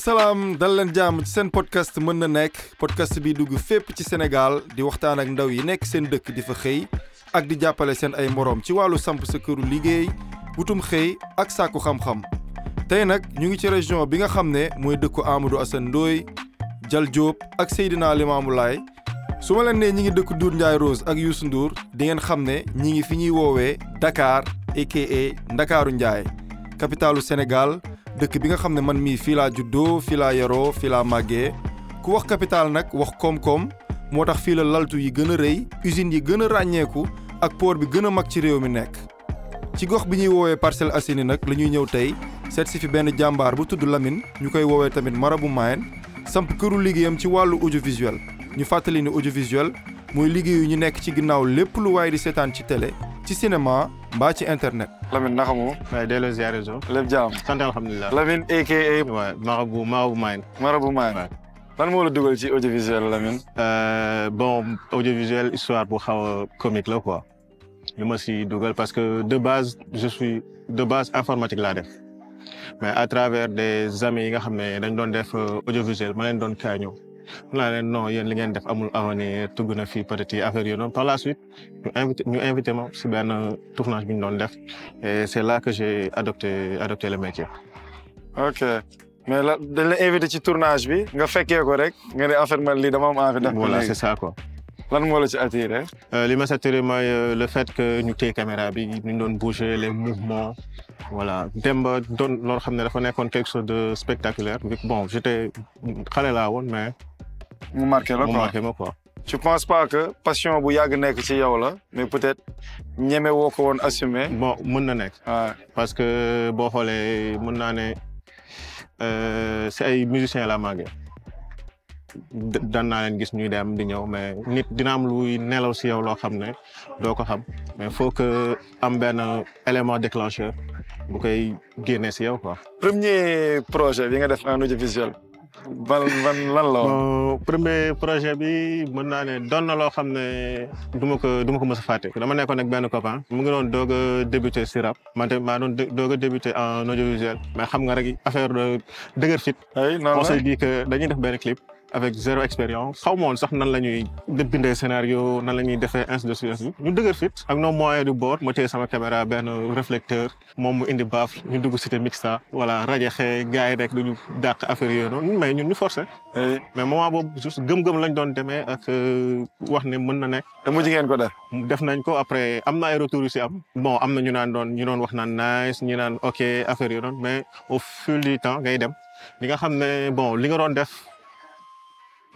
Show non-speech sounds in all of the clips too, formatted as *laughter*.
salaam dal leen jàmm ci seen podcast mën na nekk podcast bi dugg fépp ci Sénégal di waxtaan ak ndaw yi nekk seen dëkk di fa xëy ak di jàppale seen ay moroom ci wàllu samp sa këru liggéey wutum xëy ak sàkku xam-xam tey nag ñu ngi ci région bi nga xam ne mooy dëkku Amadou Assane Ndoye Jal Diop ak Seydina Limamou Laye su ma leen nee ñi ngi dëkk Doudou Ndiaye Rose ak Youssou nduur di ngeen xam ne ñi ngi fi ñuy woowee Dakar aka Ndakaaru Ndiaye capitalu Sénégal dëkk bi nga xam ne man mii fii laa juddoo fii laa yaroo fii laa màggee ku wax capital nag wax koom-koom moo tax fii la laltu yi gën a rëy usines yi gën a ràññeeku ak poor bi gën a mag ci réew mi nekk. ci gox bi ñuy woowee Parcelles Assainies nag la ñuy ñëw tey seet fi benn jàmbaar bu tudd Lamine ñu koy woowee tamit marabu Mayène samp këru liggéeyam ci wàllu audiovisuel ñu fàttali ni audiovisuel mooy liggéeyu ñu nekk ci ginnaaw lépp lu waaye di seetaan ci tele ci cinéma. mbaa ci internet. Lamine naka moom. waaye delloo ziare zo. lépp jaam sant alhamdulilah. Lamine aka. waaw marabu marabu Mayen. marabu Mayen. lan moo la dugal ci audiovisuel Lamine. Euh, bon audiovisuel histoire bu xaw a comique la quoi. li ma si dugal parce que de base je suis de base informatique laa def mais à travers des amis yi nga xam ne dañ doon def euh, audiovisuel ma leen doon kaa ñëw. mu laa leen non yéen li ngeen def amul awane tugg na fii peut-être yi affaire yooyu par la suite ñu invité ma si benn tournage bi ñu doon def et c'est là que j'ai adopté adopté le métier. ok mais la dañ invité ci tournage bi nga fekkee ko rek nga ne en fait man lii dama am envie def. voilà c'est ça quoi. lan moo la ci attiré. Euh, li ma attiré mooy euh, le fait que ñu téye caméra bi ñu doon bouger les mouvements voilà dem ba doon loo xam ne dafa nekkoon quelque chose de spectaculaire bon j'étais xale laa mu marqué la quoi mu marqué ma quoi. je pense pas que passion bu yàgg nekk ci yow la mais peut-être ñeme woo ko woon assumer. bon mën na nekk. parce que boo xoolee mën naa ne euh, si ay musiciens la màggee dana naa gis ñuy dem di ñëw mais nit dina am luy nelaw si yow loo xam ne doo ko xam mais faut que am benn élément déclencheur bu koy génnee si yow quoi. premier projet bi nga def en audiovisuel. ban ban lan la premier projet bi mën naa ne doon na loo xam ne du ma ko du ma ko mës a fàtte dama nekkoon ak benn copain mu ngi doon doog débuté si rap man tamit maa doon doog débuté en audiovisuel mais xam nga rek affaire de dëgër fit on s'est dit dañuy def benn clip avec zéro expérience xaw ma woon sax nan la ñuy bindee scénario nan la ñuy defee ainsi de suite ñu dëgër fit ak nos moyens du bord ma téye sama caméra benn réflecteur moom mu indi baaf ñu dugg cité mixta voilà rajaxe gars yi rek duñu dàq affaire yooyu mais ñu forcé mais moment boobu juste gëm-gëm lañ doon demee ak euh, wax ne mën na nekk te mujj ko def def nañ ko après am na ay retours yu si am bon am na ñu naan doon ñu doon wax naan nice ñu naan ok affaire yooyu mais au fil du ngay dem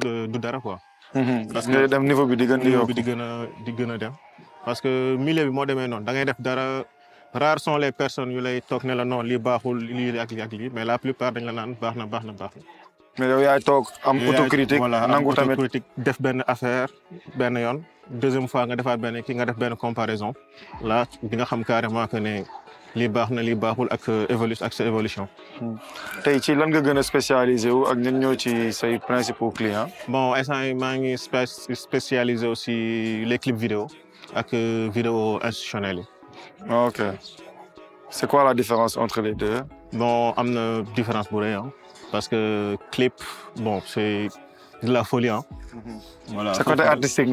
Euh, du dara quoi. Mm-hmm. parce que dem niveau bi di gën di yokku di gën a gën a dem. parce que milieu bi moo demee noonu da def dara rares sont les personnes yu lay toog ne la non li baaxul li ak lii ak lii mais la plupart dañ la naan baax na baax na baax na. mais yow yaay toog am autocritique nangu tamit autocritique def benn affaire benn yoon deuxième fois nga defaat benn kii nga def benn comparaison là di nga xam carrément que ne. lii baax na lii baaxul ak euh, évolution ak sa évolution. tey ci lan nga gën a spécialisé wu ak ñan ñoo ci say principaux clients. bon instant yii maa ngi spécialisé aussi le clips vidéo ak euh, vidéo institutionnelle yi. ok c'est quoi la différence entre les deux. bon am na différence bu rëy parce que clip bon c'est de la folie hein. Mhm. voilà artistique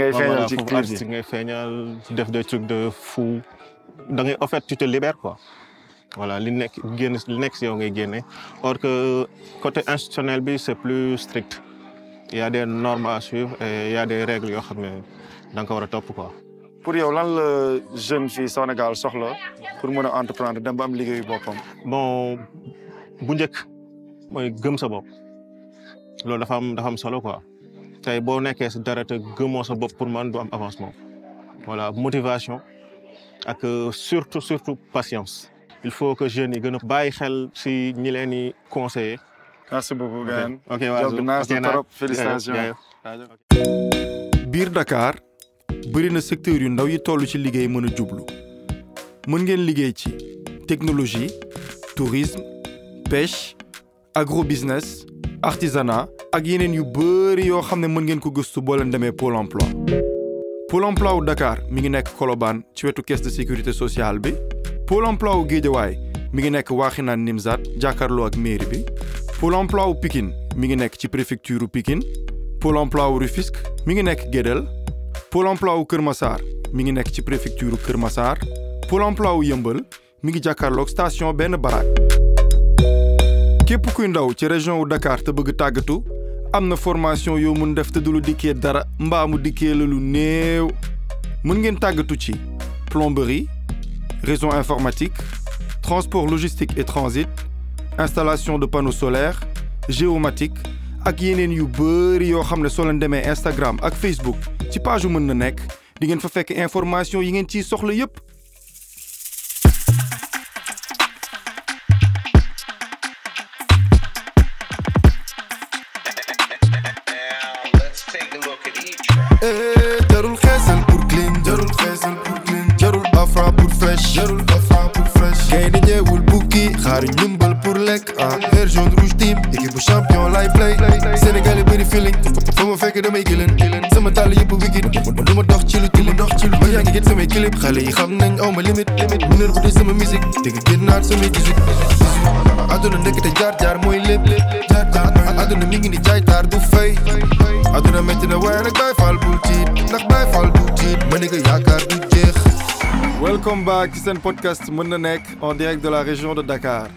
ngay feeñal def des trucs de fou. da ngay en fait tu te libères quoi voilà li nekk génn li nekk si yow ngay génne or que côté institutionnel bi c'est plus strict il y a suivre et il y a des règles yoo xam ne da nga ko war a topp quoi. pour yow lan la jeune fii Sénégal soxla pour mën a entreprendre dem ba am liggéeyu boppam. bon bu njëkk moy gëm sa bopp loolu dafa am dafa am solo quoi tey boo nekkee si dara te gëmoo sa bopp pour man am avancement voilà motivation. ak euh, surtout surtout patience il faut que jeunes yi gën a bàyyi xel si ñi leen di conseiller. merci beaucoup Gaël. ok waaw félicitations. biir Dakar bëri na secteur yu ndaw yi toll ci liggéey mën a jublu mën ngeen liggéey ci technologie tourisme pêche agrobusiness artisanat ak yeneen yu bëri yoo xam ne mën ngeen ko gëstu boo leen demee pôle emploi. pôle emploi Dakar mi ngi nekk Colobane ci wetu caisse de sécurité sociale bi pôle emploi wu mi ngi nekk Waaxinaan Nimzaat jàkkaarloo ak mairie bi pôle emploi wu mi ngi nekk ci préfecture u pikin pôle emploi wu Rufisque mi ngi nekk Guédel pôle emploi Kër Massar mi ngi nekk ci préfecture u Kër masaar pôle emploi wu Yëmbal mi ngi jàkkaarloog station benn baraak képp kuy ndaw ci région wu Dakar te bëgg tàggatu am na formation yoo mun def te du lu dikkee dara mbaamu mu dikkee la lu néew mun ngeen tàggatu ci plomberie réseau informatique transport logistique et transit installation de panneaux solaires géomatique ak yeneen yu bëri yoo xam ne soo leen demee Instagram ak Facebook ci page yu mën na nekk di ngeen fa fekk information yi ngeen ciy soxla yépp amul bukki xaaruñ ndimbal pour lekk ah vert jaune rouge team équipe bu champion lay play Sénégal yi bëri feeling fa ma fekk damay gëleen sama tàll yëpp wigit du ma dox ci lu tilim dox ci lu ma yaa ngi gën samay clip xale yi xam nañ aw ma limite limite mu neer bu dee sama musique dégg gën naat samay 18 àdduna ndekk te jaar jaar mooy lépp jaar jaar àdduna mi ngi ni jaay taar du fay àdduna métti na waaye nag Baay Faal bul tiit ndax Baay Faal welcome back ci seen podcast mën na nekk en direct de la région de Dakar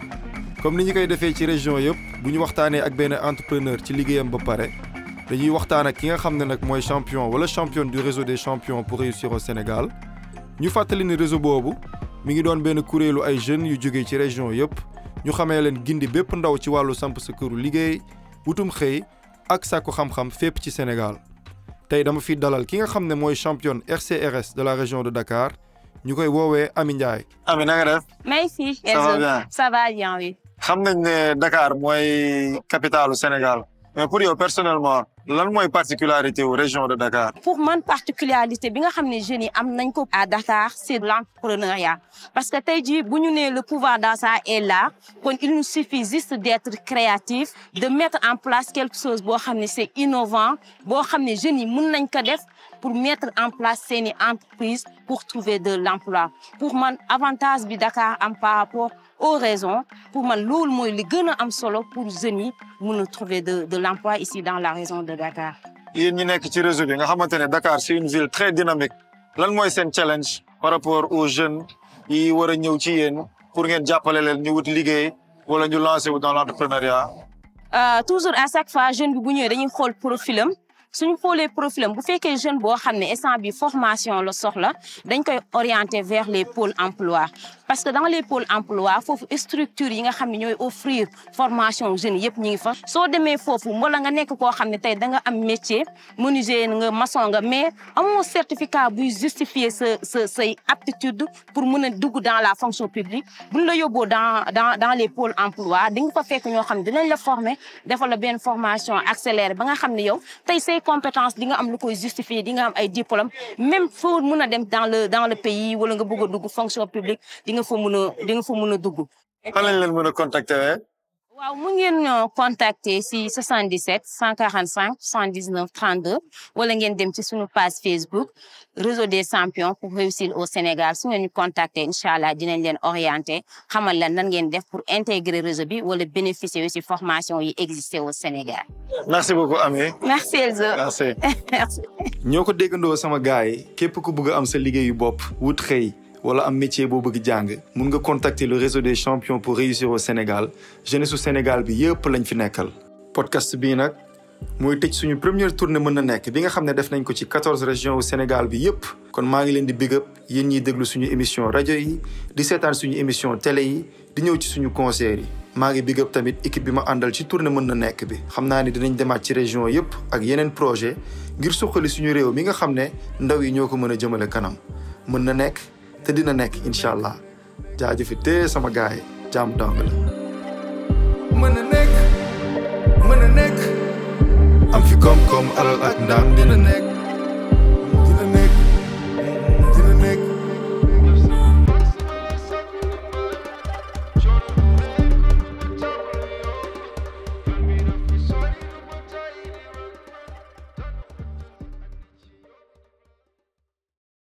comme ni ñu koy defee ci région yëpp bu ñu waxtaanee ak benn entrepreneur ci liggéeyam ba pare dañuy waxtaan ak ki nga xam ne nag mooy champion wala championne du réseau des champions pour réussir au Sénégal ñu fàttali ni réseau boobu mi ngi doon benn kuréelu ay jeunes yu jógee ci région yëpp ñu xamee leen gindi bépp ndaw ci wàllu samp sa këru liggéey wutum xëy ak sàkku xam-xam fépp ci Sénégal tey dama fi dalal ki nga xam ne mooy championne RCRS de la région de Dakar ñu koy woowee Ami Ndiaye. Ami na nga def. merci. ça bien ça va xam nañ ne Dakar mooy capitalu Sénégal mais pour personnel personnellement. lan mooy particularité wu région de Dakar. pour man particularité bi nga xam ne jeunes yi am nañ ko. à Dakar c'est l'entrepreneuriat parce que tey jii bu ñu ne le pouvoir d'achat est là kon il nous suffit juste d'être créatif de mettre en place quelque chose boo xam ne c'est innovant boo xam ne jeunes yi mën nañ ko def pour mettre en place seeni entreprise pour trouver de l'emploi pour man avantage bi Dakar am par rapport. aux raisons pour man loolu mooy li gën a am solo pour jeunes yi mun a trouver de de l'emploi ici dans la région de Dakar. yéen ñi nekk ci réseau bi nga xamante ne Dakar c'est une ville très dynamique lan mooy seen challenge par rapport aux jeunes yi war a ñëw ci yéen pour ngeen jàppale leen ñu wut liggéey wala ñu lancé wu dans l'entrepreneuriat. Euh, toujours à chaque fois jeune bi bu ñëwee dañuy xool profilam suñu xoolee profil am bu fekkee jeune boo xam ne instant bi formation la soxla dañ koy orienter vers les pole emploi parce que dans les pôles emploi foofu structure yi nga xam ne ñooy offrir formation jeunes yëpp ñu ngi fa soo demee foofu wala nga nekk koo xam ne tey da nga am métier menuisier nga maçon nga mais amoo certificat buy justifier sa sa say aptitude pour mën a dugg dans la fonction publique buñ la yóbboo dans dans dans les pôles emploi di nga fa fekk ñoo xam ne dinañ la former defal la benn formation accélérée ba nga xam ne yow compétence di nga am lu koy justifier di nga am ay diplôme même foo mën a dem dans le dans le pays wala nga bëgg a dugg fonction publique di nga fa mën a di nga fa mën a dugg. fan lañ leen mën waaw mu ngeen ñoo euh, contacter si 77 145 79 32 wala ngeen dem ci suñu page Facebook réseau des champions pour réussir au Sénégal su ngeen ñu contacter incha allah dinañ leen orienter xamal la nan ngeen def pour intégré réseau bi wala bénéficier wu si formation yi existé au Sénégal. merci beaucoup Amie. merci Elzo *laughs* merci. ñoo ko déggandoo sama gars yi képp ku bëgg am sa liggéeyu bopp wut xëy. wala am métier boo bëgg jàng mun nga contacter lu réseau des champions pour réussir au Sénégal jeunesse su Sénégal bi yëpp lañ fi nekkal. podcast bii nag mooy tëj suñu première tournée mën na nekk bi nga xam ne def nañ ko ci quatorze régions au Sénégal bi yëpp. kon maa ngi leen di big up yéen ñiy déglu suñu émission rajo yi di seetaan suñu émission télé yi di ñëw ci suñu concert yi. maa ngi big up tamit équipe bi ma àndal ci tournée mën na nekk bi xam naa ni dinañ demaat ci région yëpp ak yeneen ngir suqali suñu réew mi nga xam ne ndaw yi ñoo ko mën a jëmale kanam mën na nekk. te dina nekk incha allah jaajëfi te sama gars yi jàmm dong la. mën a nekk mën a nekk am fi koom-koom alal ak ndam dina nekk.